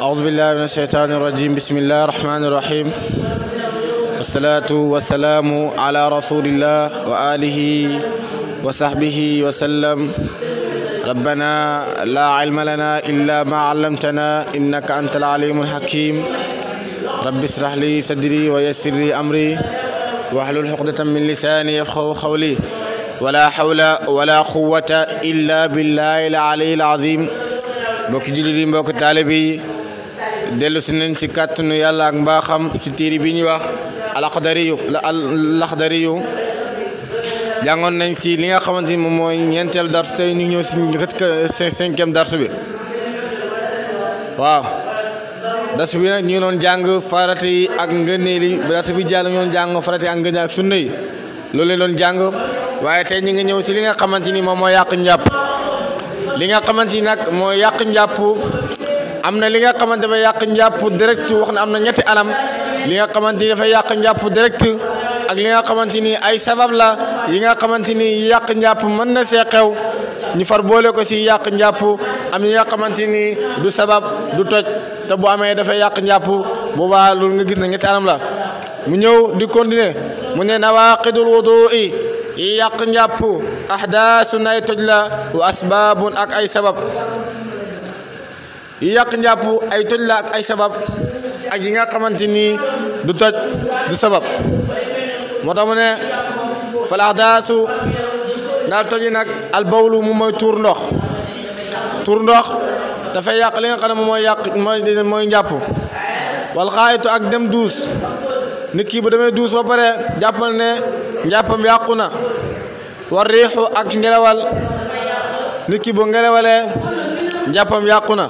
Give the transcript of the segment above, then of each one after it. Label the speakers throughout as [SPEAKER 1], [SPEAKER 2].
[SPEAKER 1] أعوذ بالله من الشيطان الرجيم بسم الله الرحمن الرحيم والصلاة والسلام على رسول الله وآله وصحبه وسلم ربنا لا علم لنا إلا ما علمتنا إنك أنت العليم الحكيم رب اشرح لي صدري ويسر لي أمري واحلل عقدة من لساني يفقهوا قولي ولا حول ولا قوة إلا بالله العلي العظيم mbokki jullit yi mbokki taalibe yi dellu si nañ ci kàttanu yàlla ak mbaaxam si tiir bi ñuy wax alaxdariyu alaxdariyu jàngoon nañ si li nga xamante ni moom mooy ñeenteel darsu tey ñëw si rëtka cinquième darsu bi waaw darsu bi nag ñu doon jàng farata ak ngëneel yi darsu bi jàll ñu doon jàng farata yi ak ngëneel ak sunna yi loolu ngi ñëw si li nga xamante ni moom mooy yàq njàpp li nga xamante ni nag mooy yàq njàpp am na li nga xamante dafa yàq njàpp direct wax na am na ñetti anam li nga xamante ni dafa yàq njàpp direct ak li nga xamante ni ay sabab la yi nga xamante ni yàq njàpp mën na see xew ñu far boole ko si yàq njàpp am yi nga xamante ni du sabab du toj te bu amee dafay yàq njàpp boobaa loolu nga gis na ñetti anam la mu ñëw di continuer mu ne nawaqidul wudu yi yàq njàpp ahdaasu nay toj la wa asbaabun ak ay sabab yi yàq njàpp ay toj la ak ay sabab ak yi nga xamante nii du toj du sabab moo tax mu ne fal ahdaasu ndaal toj yi nag al bawlu mu mooy tuur ndox tuur ndox dafa yàq li nga xam mooy yàq mooy mooy njàpp wal xaayitu ak dem duus nit ki bu duus ba pare jàppal ne njàppam yàqu na war riixu ak ngelawal nit ki bu ngelawalee njàppam yàqu na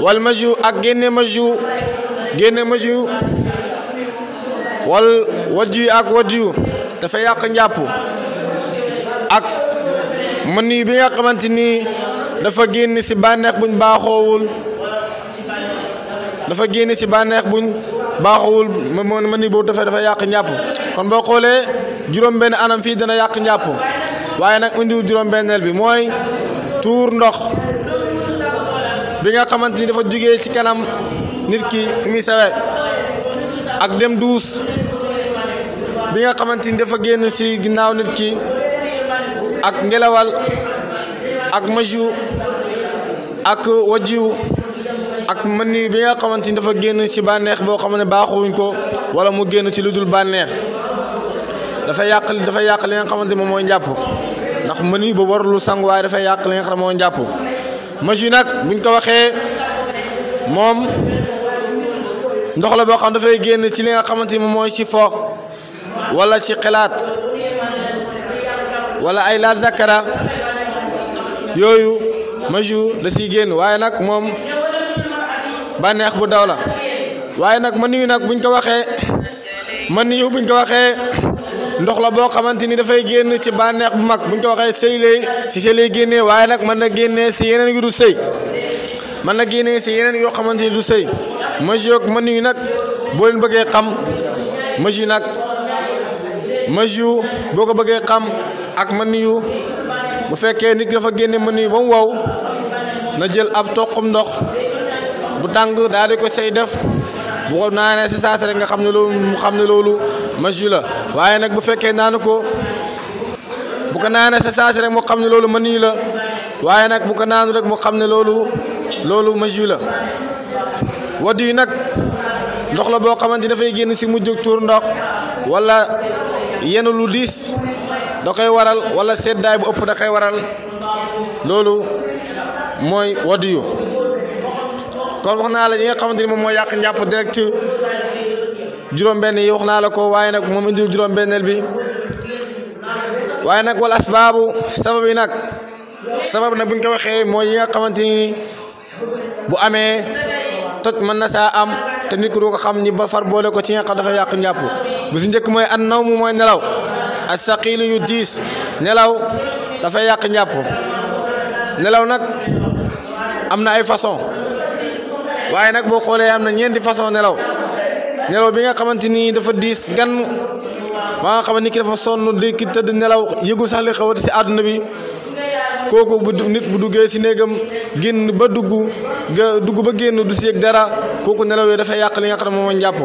[SPEAKER 1] wal maju ak génne maju génne maju wal wajju ak wajju dafa yàq njàpp ak mën bi nga xamante nii dafa génn ci bànneex buñ baaxoowul dafa génn ci bànneex buñ baaxuwul ma ni boobu dafay dafa yàq njàpp kon boo xoolee juróom-benn anam fii dana yàq njàpp waaye nag indiwul juróom-benneel bi mooy tuur ndox bi nga xamante ni dafa jugee ci kanam nit ki fi ak dem duus bi nga xamante ni dafa génn ci ginnaaw nit ki ak ngelawal ak maju ak wajiw ak man ni bi nga xamante ni dafa génn ci bànneex boo xam ne baaxuwuñ ko wala mu génn ci lu dul bànneex dafay yàq dafa yàq li nga xamante moom mooy njàpp ndax mën yi ba warul sangu waaye dafa yàq li nga xam ne nag buñ ko waxee moom ndox la boo xam dafay génn ci li nga xamante ni moom mooy ci fo walla ci xalaat wala ay laa zakara yooyu maju da siy génn waaye nag moom bànneex bu daw la waaye nag mën yu nag buñ ko waxee mën yu buñ ko waxee ndox la boo xamante ni dafay génn ci bànneex bu mag buñ ko waxee sëy lay si sëy lay génnee waaye nag mën na génnee si yeneen yu du sëy mën na génnee si yeneen yoo xamante ni du sëy mesure ak mën yu nag boo leen bëggee xam mesure nag mesure boo ko bëggee xam ak mën yu bu fekkee nit dafa génne mën yu ba wow na jël ab toqum ndox bu tàng daal ko say def bu ko naanee si saas rek nga xam ne loolu mu xam ne loolu maju la waaye nag bu fekkee naanu ko bu ko naanee sa saas rek moo xam ne loolu mani la waaye nag bu ko naanu rek moo xam ne loolu loolu maju la wadu yi nag ndox la boo xamante dafay génn si mujj tuur ndox walla yenn lu diis da koy waral wala seddaay bu ëpp da koy waral loolu mooy wadu kon wax naa la yi nga xamante ni moom mooy yàq njàpp direct juróom-benn yi wax naa la ko waaye nag moom indil juróom-benneel bi waaye nag wala asbaabu sabab yi nag sabab nag bu ñu ko waxee mooy yi nga xamante ni bu amee toj mën na saa am te nit ku du xam ñi ba far boole ko ci nga xam dafa yàq njàpp bu si njëkk mooy an naw mu mooy nelaw ak saqiilu yu diis nelaw dafay yàq njàpp nelaw nag am na ay façon waaye nag boo xoolee am na ñeenti façon nelaw nelaw bi nga xamante ni dafa diis gan ba nga xamante ni ki dafa sonn di tëdd nelaw yëgul sax li xawati àdduna bi kooku bu duggee si néegam génn ba dugg ga ba génn du si dara kooku nelaw yooyu dafay yàq li nga xam ne moom mooy njàpp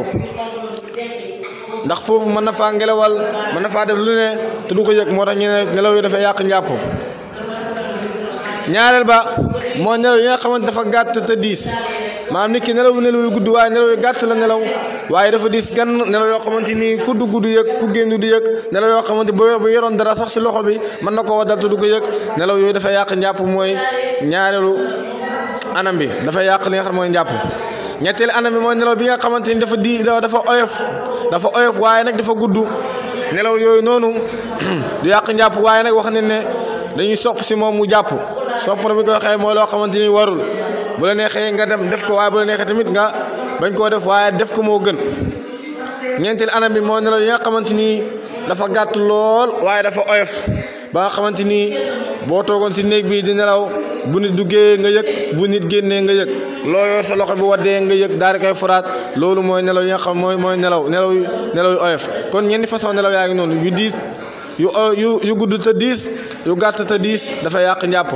[SPEAKER 1] foofu mën na faa ngelawal mën na faa def lu ko yëg moo tax ñu ne nelaw yi dafay yàq njàpp ñaareel ba moo nga xamante dafa gàtt diis maanaam nit ki nelaw nelaw yu gudd waaye nelaw yu gàtt la nelaw waaye dafa dis gan nelaw yoo xamante ni ku dugg du yëg ku génn du yëg nelaw yoo xamante bu yoroon dara sax loxo bi mën na koo waddal te yëg nelaw yooyu dafa yàq njàpp mooy ñaareelu anam bi dafa yàq li nga mooy njàpp ñetteelu anam bi mooy nelaw bi nga xamante ni dafa di dafa oyof dafa oyof waaye nag dafa gudd nelaw yooyu noonu du yàq njàpp waaye nag wax nañ ne dañuy sopp si moom mu jàpp sopp na bi ko waxee mooy loo xamante ni warul bu la neexee nga dem def ko waaye bu la neexee tamit nga bañ koo def waaye def ko moo gën ñeenteel anam bi mooy nelaw yi nga xamante ni dafa gàtt lool waaye dafa oyof ba nga xamante ni boo toogoon si néeg bi di nelaw bu nit duggee nga yëg bu nit génnee nga yëg loo yor sa loxo bi waddee nga yëg daal di koy foraat loolu mooy nelaw yi nga xam mooy mooy nelaw nelaw nelaw yu oyof kon ñeenti façon nelaw yaa ngi noonu yu diis yu yu gudd te diis yu gàtt te diis dafa yàq njàpp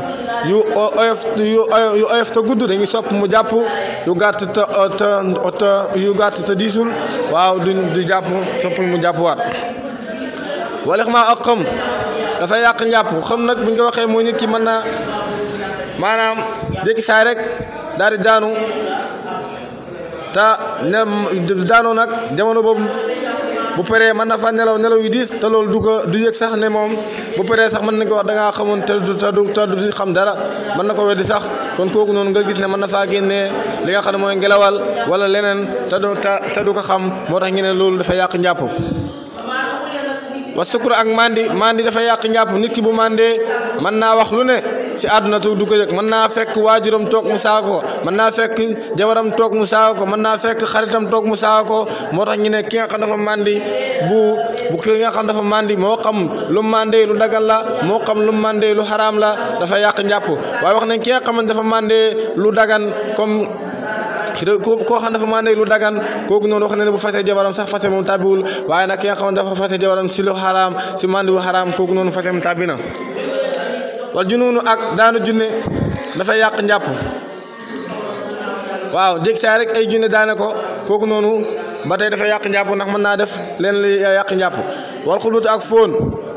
[SPEAKER 1] yu oyof yu oyof te gudd dañuy sopp mu jàpp yu gàtt te te yu gàtt te diisul waaw du du jàpp sopp mu jàpp waat wala ma ak xam dafay yàq njàpp xam nag buñ ko waxee moo nit ki mën na maanaam jékki saay rek daal di daanu te ne daanoo nag jamono boobu bu paree mën na fa nelaw nelaw yu diis te loolu du ko du yëg sax ne moom bu paree sax mën na ko wax da ngaa xamoon te du ta du si xam dara mën na ko weddi sax kon kooku noonu nga gis ne mën na faa génnee li nga xam ne mooy ngelawal wala leneen te du te du ko xam moo tax ñu ne loolu dafa yàq njàpp wa sukkur ak mandi mandi dafa yàq njàpp nit ki bu mandee mën naa wax lu ne si àdduna tu du ko yëg mën naa fekk waajuram toog mu saaga ko mën naa fekk jabaram toog mu saaga mën naa fekk xaritam toog mu saaga ko moo tax ñu ne ki nga xam dafa màndi bu bu ki nga xam dafa màndi moo xam lu màndee lu dagal moo xam lu màndee lu xaraam la dafa yàq njàpp waaye wax nañ ki nga xamante dafa màndee lu dagan comme koo xam dafa màndee lu dagan kooku noonu wax na ne bu fasee jabaram sax fase moom tàbbiwul waaye nag ki nga xam dafa fase jabaram si lu xaraam si màndi wu kooku noonu fase moom tàbbi na wal junuunu ak daanu junne dafay yàq njàpp waaw jéeg saa rek ay junne daane ko kooku noonu ba tey dafa yàq njàpp ndax mën naa def leen li yàq njàpp wal ak fóon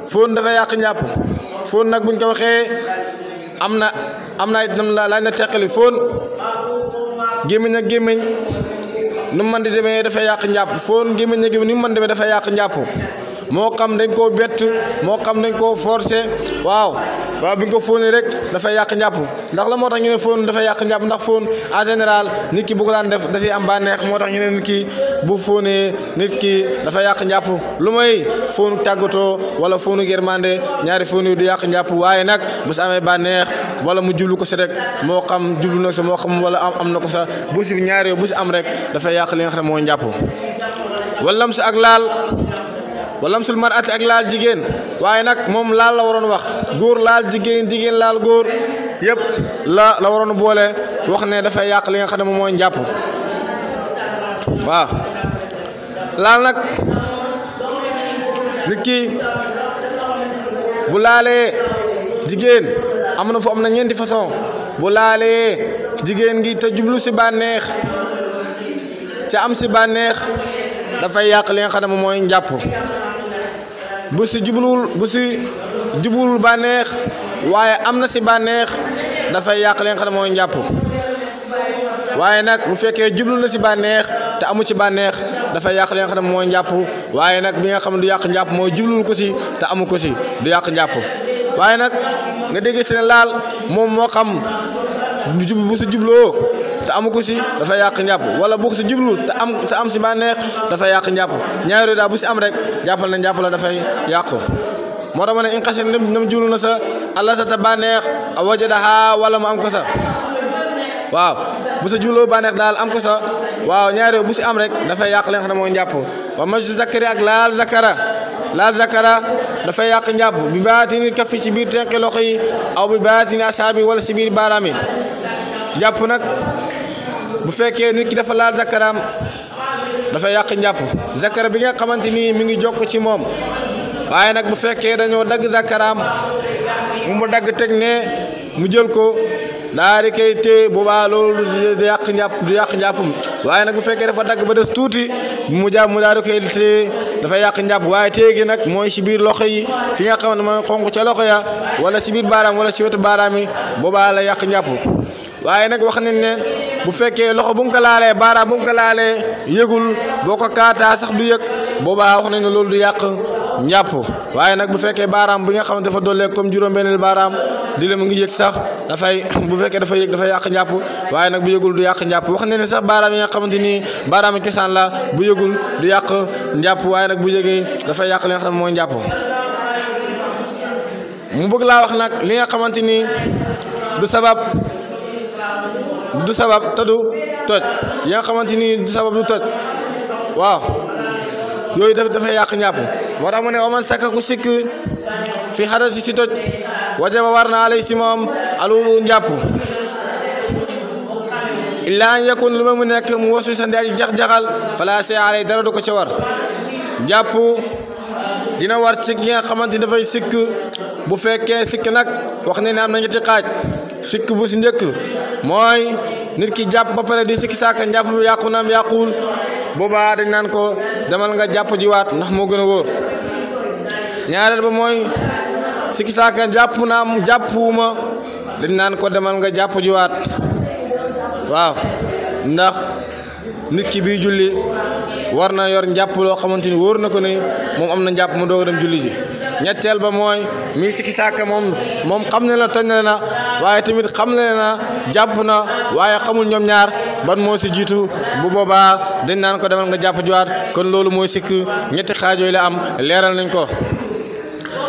[SPEAKER 1] fóon yàq njàpp fóon nag buñ ko am na am na itam laaj na teqali fóon gémmiñ ak gémmiñ nu man mën di demee dafay yàq njàpp fóon gémmiñ ak gémmiñ ni mën demee dafay yàq njàpp moo xam dañ koo bett moo xam dañ koo forcé waaw waaw bi nga ko fóonee rek dafay yàq njàpp ndax la moo tax ñu ne fóon dafay yàq njàpp ndax fóon en général nit ki bu ko daan def da siy am bànneex moo tax ñu ne bu fóonee nit ki dafay yàq njàpp lu may fóonu tàggatoo wala fóonu yërmande ñaari fóon yi du yàq njàpp waaye nag bu si amee bànneex wala mu jublu ko si rek moo xam jublu na ko moo xam wala am am na ko sa bu si ñaari bu si am rek dafay yàq li nga xam njàpp wala mu si ak laal. wa lamsul mar'ati ak laal jigéen waaye nag moom laal la waroon wax góor laal jigéen jigéen laal góor yépp la la waroon boole wax ne dafay yàq li nga xam ne moom mooy njàpp waaw laal nag nit bu laalee jigéen am na am na ñeenti façon bu laalee jigéen gi te jublu si bànneex ca am si bànneex dafay yàq li nga xam ne moom mooy njàpp bu si jubluwul bu si bànneex waaye am na si bànneex dafay yàq leen xam mooy njàpp waaye nag bu fekkee jublu na si bànneex te amu ci bànneex dafay yàq leen xam mooy njàpp waaye nag bi nga xam ne du yàq njàpp mooy jubluwul ko si te amu ko si du yàq njàpp waaye nag nga dégg si laal moom moo xam bu si jubloo te amu ko si dafa yàq njàpp wala bu ko si jublu dafa yàq njàpp ñaari daa bu si am rek jàppal na njàpp la dafay yàqu moo tax sa a wajadaha wala mu am sa waaw bu daal am sa waaw ñaari bu si am rek dafay yàq mooy njàpp wa maju zakari ak laal dafay yàq njàpp bi baatini kafi si biir tenqi loxo yi aw bi baatini asaabi wala si biir baaraam yi jàpp bu fekkee nit ki dafa laal zakaraam dafa yàq njàpp zakara bi nga xamante ni mu ngi jokk ci moom waaye nag bu fekkee dañoo dagg zakaraam mu dagg teg ne mu jël ko daa di koy boobaa loolu du yàq njàpp yàq njàppam waaye nag bu fekkee dafa dagg ba des tuuti mu jàpp mu daa di dafa yàq njàpp waaye téye nag mooy si biir loxo yi fi nga xam ne mooy xonq ca loxo ya wala si biir baaraam wala si wetu baaraam yi boobaa la yàq njàpp waaye nag wax nañ ne bu fekkee loxo bu nga ko laalee baaraam bu nga ko laalee yëgul boo ko kaataa sax du yëg booba wax nañ ne loolu du yàq njàpp waaye nag bu fekkee baaraam bi nga xam ne dafa dollee comme juróom-benn baaraam di mu ngi yëg sax dafay bu fekkee dafa yëg dafa yàq njàpp waaye nag bu yëgul du yàq njàpp wax ne ne sax baaraam yi nga xamante nii baaraam cosaan la bu yëgul du yàq njàpp waaye nag bu yëgee dafay yàq li nga mooy njàpp mu bëgg laa wax nag li nga xamante ni du sabab du sabab te du toj yi nga xamante ni du sabab du toj waaw yooyu daf dafay yàq njàpp moo tax mu ne waman sakka ku sikk fi xadat si ci toj wajaba war na alay si moom alwudu njàpp illaa yakun lu ma mu nekk mu wasu sa ndey jax-jaxal fala see alay dara du ko ca war njàpp dina war ci ki nga xamante ni dafay sikk bu fekkee sikk nag wax ne naa am na ñetti xaaj sikk bu si njëkk mooy nit ki jàpp ba pare di sikki saaka njàpp bi yàqu naam yàquwul boobaa dañ naan ko demal nga jàpp jiwaat ndax moo gën a wóor ñaareel ba mooy sikki saaka jàpp naam jàppuwuma dañ naan ko demal nga jàpp jiwaat waaw ndax nit ki bii julli war na yor njàpp loo xamante ni wóor na ko ne moom am na njàpp mu doog dem julli ñetteel ba mooy mi sikki sàkka moom moom xam ne na toñ ne na waaye tamit xam ne na jàpp na waaye xamul ñoom ñaar ban moo si jiitu bu boobaa dañ naan ko demal nga jàpp juwaat kon loolu mooy sikk ñetti xaajooy la am leeral nañ ko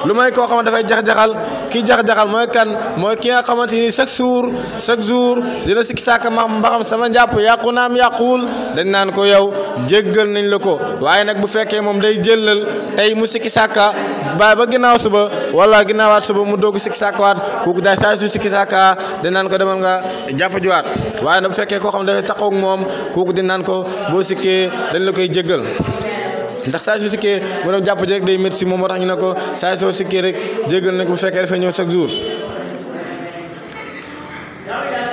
[SPEAKER 1] lu may koo xamante dafay jax-jaxal kii jax-jaxal mooy kan mooy ki nga xamante ni chaque jour chaque jour dina sikki sàkk ma mbaxam sama njàpp yàqu naam yàquwul dañ naan ko yow jéggal nañ la ko waaye nag bu fekkee moom day jëllal tey mu sikki sàkka baay ba ginnaaw suba wala ginnaawaat suba mu doog sikki sàkkawaat kooku daay saa su sikki sàkka dañ naan ko demal nga jàpp juwaat waaye nag bu fekkee koo xam ne dafay taxaw moom kooku dañ naan ko boo sikkee dañ la koy jéggal ndax saa soo sikkee mu dem jàpp ji rek day métti moom moo tax ñu ne ko saa soo sikkee rek jégal na ko bu fekkee dafay ñëw chaque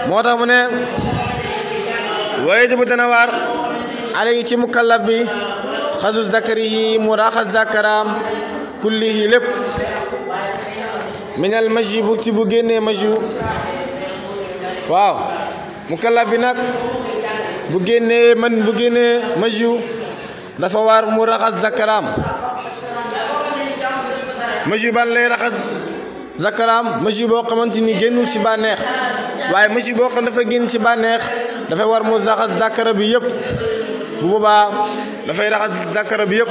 [SPEAKER 1] moo tax mu ne waaye ji bu dana waar alay ci mukallaf bi xasu zakari yi mu raxas zakaraam kulli yi lépp minal maju ci bu génnee maju waaw mukallaf bi nag bu génnee man bu génnee maju dafa war mu raxas zakaraam monsieur ban lay raxas zakaraam monsieur boo xamante ni génnul si bànneex waaye monsieur boo dafa génn si bànneex dafay war mu raxas zakara bi yëpp bu boobaa dafay raxas zakara bi yëpp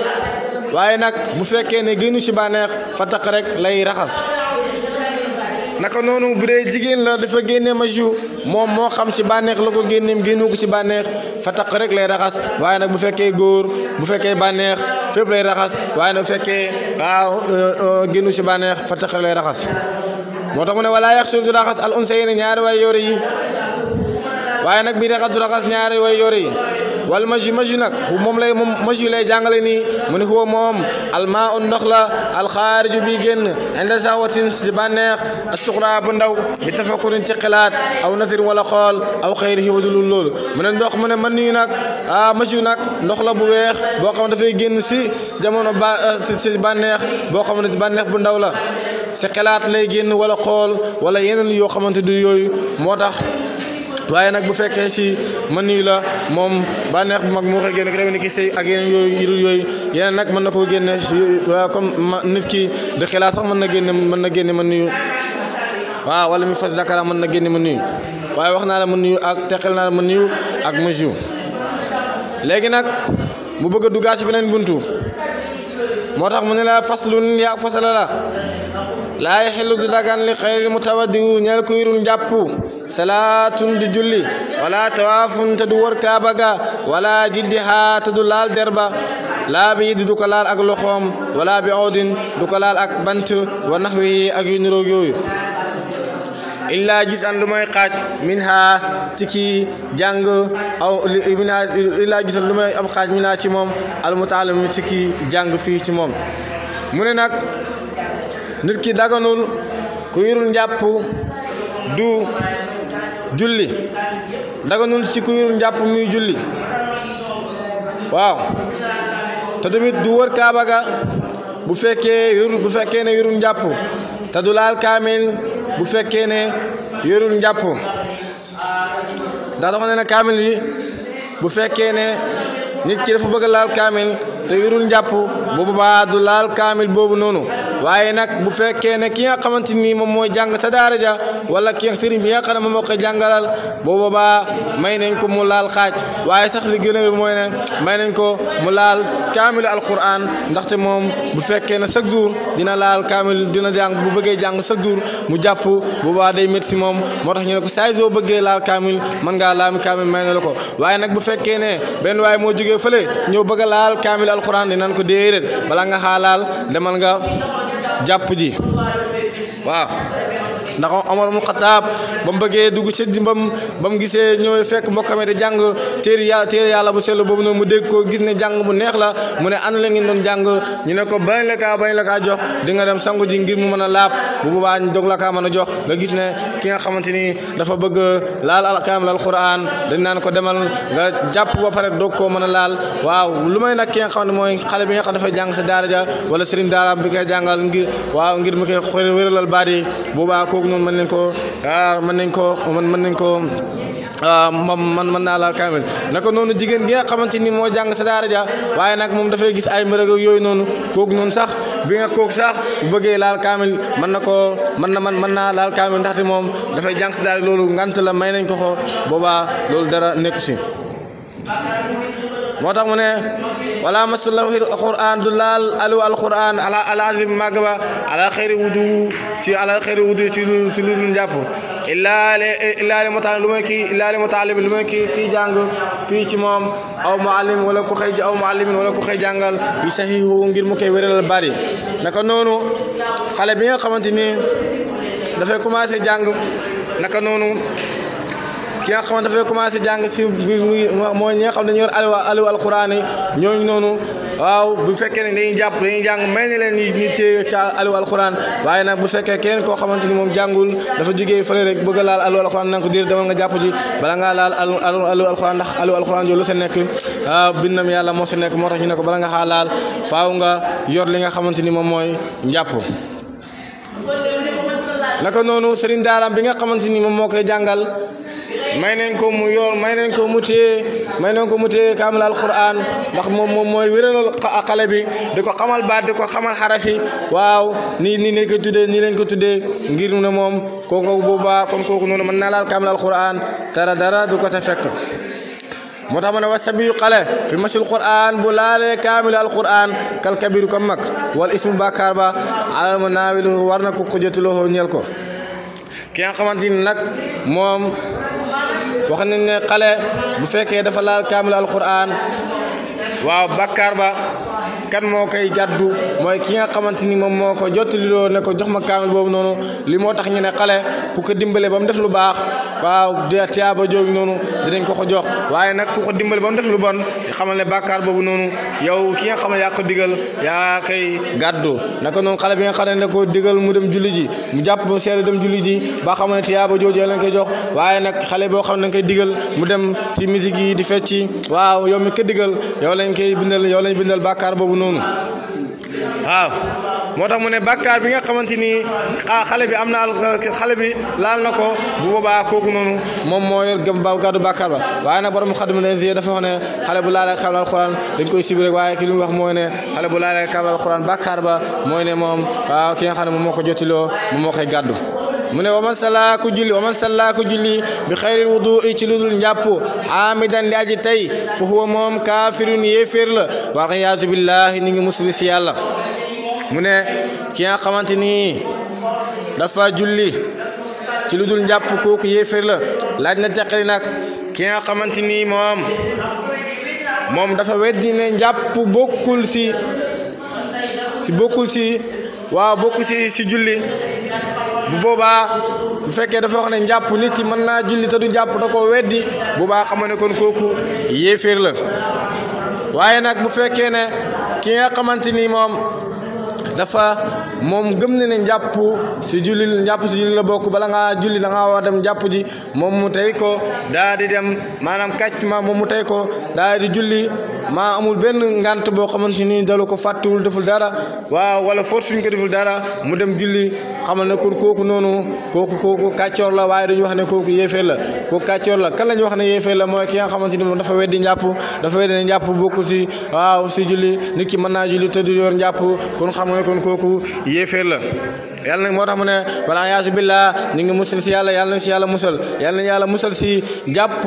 [SPEAKER 1] waaye nag bu fekkee ne génnu si bànneex fa taq rek lay raxas naka noonu bu dee jigéen la dafa génne maju moom moo xam ci bànneex la ko génneem génnu ci bànneex fa taq rek lay raxas waaye nag bu fekkee góor bu fekkee bànneex fépp lay raxas waaye nag bu fekkee waaw euh, euh, génnu ci bànneex fataq taq lay raxas moo tax mu ne walaa yax su du raxas al unsa yi ne ñaari way yore yi waaye nag bii raxas du raxas ñaar way yore yi wal maju maju nag moom lay moom maju lay jàngale nii mu ne huwa moom almaa un ndox la alxaariju bi génn a sawatin si bànneex asuxraa bu ndaw bi tafakurin ci xalaat aw nasir wala xool aw xëyri xiwadu lul loolu mu ne ndox mu ne mën nuyu nag ah maju nag ndox la bu weex boo xam ne dafay génn si jamono ba si euh, bànneex boo xam ne bànneex bu ndaw la si xalaat lay génn wala xool wala yeneen yoo xamante du yooyu moo tax waaye nag bu fekkee si mën nii la moom bànneex bu mag moo koy génne ki demee ni ki sëy ak yeneen yooyu yidul yooyu yeneen nag mën na koo génne comme nit ki di xelaa sax mën na génne mën na génne mën niyu waaw wala mi fas zakara mën na génne mën niyu waaye wax naa la mën niyu ak teqal naa la mën niyu ak mëju léegi nag mu bëgg a duggaa si beneen buntu moo tax mu ne la faslun yaa fasala la laa yaxillu du dagan li xayri mutawadiwu ñeel ku yurul njàpp salaatun du julli wala tawaafun te du wër kaaba ga wala te du laal derba laa bi yiddi du ko laal ak loxoom wala bi awdin du ko laal ak bant wa naxwi ak yu niroog yooyu illaa gis an lu mooy xaaj min haa tiki jàng aw min haa illaa gis an lu mooy ab xaaj min haa ci moom almutaalim tiki jàng fii ci moom mu ne nag nit ki daganul ku yurul njàpp du julli daganul ci ku yurul njàpp muy julli waaw te du wër kaaba ga bu fekkee yurul bu fekkee ne te du laal kaamil bu fekkee ne yurul njàpp ndax dafa ne na kaamil bu fekkee ne nit ki dafa bëgg laal kaamil te yurul njàpp bu boobaa du laal kaamil boobu noonu waaye nag bu fekkee ne ki nga xamante ni moom mooy jàng sa daara ja wala ki nga sëriñ bi nga xam ne moom moo koy jàngalal booba ba may nañ ko mu laal xaaj waaye sax li gën a mooy ne may nañ ko mu laal kaamilu alquran ndaxte moom bu fekkee ne chaque jour dina laal kaamil dina jàng bu bëggee jàng chaque jour mu jàpp boobaa day métti si moom moo tax ñu ne ko saa soo bëggee laal kaamil mën ngaa laam kaamil may na la ko waaye nag bu fekkee ne benn waaye moo jógee fële ñëw bëgg a laal kaamil alquran dinañ ko déedéet bala nga xaalaal demal nga jàpp ji waaw ndax am Omar mu Xataab ba mu bëggee dugg ci mbam ba mu gisee ñoo fekk mbokkame di jàng téere yàlla bu sell boobu noonu mu dégg ko gis ne jàng mu neex la mu ne ana la ngeen doon jàng ñu ne ko bañ la kaa bañ la kaa jox di dem sangu ji ngir mu mën a laab bu boobaa ñu dog la kaa mën a jox nga gis ne ki nga xamante ni dafa bëgg laal alkaam lal Quraan dañ naan ko demal nga jàpp ba pare doog koo mën a laal waaw lu may nag ki nga xam ne mooy xale bi nga xam dafay jàng sa daara ja wala sëriñ daaraam bi koy jàngal ngir waaw ngir mu koy googu noonu mën nañ koo ah, mën nañ koo man mën nañ koo ah, moom man mën naa laal kaamil naka noonu jigéen gi nga xamante ni moo jàng sa daara ja waaye nag moom dafay gis ay mbërëg yooyu noonu kooku noonu sax bi nga kooku sax bu bëggee laal kaamil man na koo mën na man mën naa laal kaamil ndaxte moom dafay jàng sa daara loolu ngant la may nañ ko ko boobaa loolu dara nekku si moo tax mu ne wala masalahil alquran du laal alu alquran ala alazim màgg ba ala xëyri wudu si ala xëyri wudu si si lu dul jàpp illaa illaa li mutaalib lu mooy kii illaa li mutaalib lu mooy kii kii jàng fii ci moom aw muallim wala ku xëy aw muallimin wala ku xëy jàngal bi saxihu ngir mu koy wéral bari naka noonu xale bi nga xamante ni dafay commencé jàng naka noonu ki nga xamante dafay commencé jàng si biir mooy ñi nga xam ne dañu yor aliwa aliwa alxuraan yi ñooñu noonu waaw bu fekkee ne dañuy jàpp dañuy jàng may ne leen ñu ñu téye taal aliwa alxuraan waaye nag bu fekkee kenn koo xamante ni moom jàngul dafa jógee fële rek bëgg laal aliwa alxuraan nanga ko diir demal jàpp ji bala ngaa laal aliwa alxuraan ndax aliwa alxuraan jooju nekk waaw bindam yàlla moo sa nekk moo tax ñu ne ko bala nga xaa laal faaw nga yor li nga xamante ni moom mooy njàpp naka noonu sëriñ daaraam bi nga xamante ni moom moo koy jàngal may nañ ko mu yoo may nañ ko mu téye may nañ ko mu téye kaamil alquran ndax moom moom mooy wéralal xale bi di ko xamal baat di ko xamal xarafi waaw nii nii lañ ko tuddee nii lañ ko tuddee ngir ne moom kooku boobaa kon kooku noonu mën naa laal kaamil alquran dara dara du ko ta fekk moo tax ma ne wa sabiyu xale fi masil quran bu laalee kaamilu alquran kal kabiru kam mag wala ismu bàkkaar ba alal mu naawilu war na ko xujatuloo ñeel ko ki nga xamante moom wax nañ ne xale bu fekkee dafa laal kaamilu alquran waaw bàkkaar ba kan moo koy gàddu mooy ki nga xamante ni moom moo ko jottali ne ko jox ma kaamil boobu noonu li moo tax ñu ne xale ku ko dimbale ba mu def lu baax waaw de tiyaaba jooju noonu dinañ ko ko jox waaye nag ku ko dimbali ba mu def lu bon xamal ne bàkkaar boobu noonu yow ki nga xam ne yaa ko digal yaa koy gàddu naka noonu xale bi nga xam ne ko digal mu dem julli ji jàpp ba seede dem julli ji ba xamal ne tiyaaba jooju lañ koy jox waaye nag xale boo xam ne dañ koy digal mu dem si musique yi di fecci waaw yow mi ko digal yow lañ koy bindal yow lañ bindal bàkkaar boobu noonu waaw moo tax mu ne bàkkaar bi nga xamante ni ah, xale bi am na xale bi laal na ko bu boobaa kooku noonu moom mooy yor gëm ba gàddu bàkkaar ba waaye nag borom xadim ne dafa wax ne xale bu laalee xam alxuraan dañ koy sibi rek waaye ki li wax mooy ne xale bu laalee xam alxuraan bàkkaar ba mooy ne moom waaw ki nga xam ne moom moo ko jotiloo moom moo koy gàddu mu ne waman salla ku julli waman salla ku julli bi xayril wudu'i ci ludul njàpp xaamidan di aji tey fa huwa moom kaafirun yéeféer la wal iyaazu billahi ni ngi musli si yàlla mu ne ki nga xamante ni dafa julli ci lu dul njàpp kooku yéeféer la laaj na teqali nag ki nga xamante ni moom moom dafa weddi ne njàpp bokkul si si bokkul si waaw bokkul si si julli bu boobaa bu fekkee dafa wax ne njàpp nit ki mën naa julli te du njàpp da koo weddi boobaa xamoo ne kon kooku yéeféer la waaye nag bu ne ki nga moom dafa moom gëm na ne njàpp si julli njàpp si julli la bokk bala ngaa julli da ngaa war dem jàpp ji moom mu tey ko daa di dem maanaam kàcc ma moom mu tey ko daa di julli maa amul benn ngant boo xamante ni dalu ko fàttewul deful dara waaw wala force suñ ko deful dara mu dem julli xamal ne kon kooku noonu kooku kooku kàccoor la waaye dañu wax ne kooku yéeféer la ko kàccoor la kan la ñu wax ne yéeféer la mooy ki nga xamante ni moom dafa weddi njàpp dafa weddi ne njàpp bokku si waaw si julli nit ki mën naa julli te du yor njàpp kon xam nga ne kon kooku yéeféer la yàlla nag moo tax mu ne wala yaasu billah ñu ngi musal si yàlla yàlla na si yàlla musal yàlla na yàlla si jàpp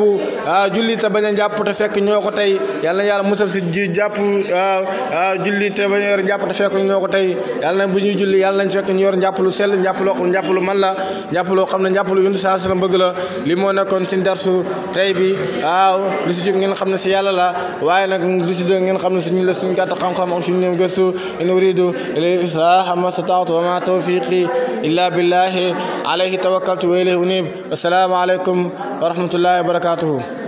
[SPEAKER 1] ah, julli te bañ jàpp te fekk ñoo ko tey yal na yàlla musal si jàpp ah, ah, julli te bañ a yor jàpp te fekk ñoo ko tey bu ñuy julli yàlla nañ fekk ñu yor njàpp lu sell njàpp loo njàpp lu man la njàpp loo xam ne njàpp lu yundu saa bëgg la li moo nekkoon si darsu tey bi waaw lu si jub ngeen xam ne si yàlla la waaye nag lu si dëng ngeen xam ne suñu la suñu gàtt xam-xam ak suñu gëstu in uridu ila islaaha ma stata'tu wa ma tawfiq tawfiqi illa billahi alayhi tawakkaltu wa ilayhi unib wasalaamu aleykum wa rahmatullahi wa barakatuhu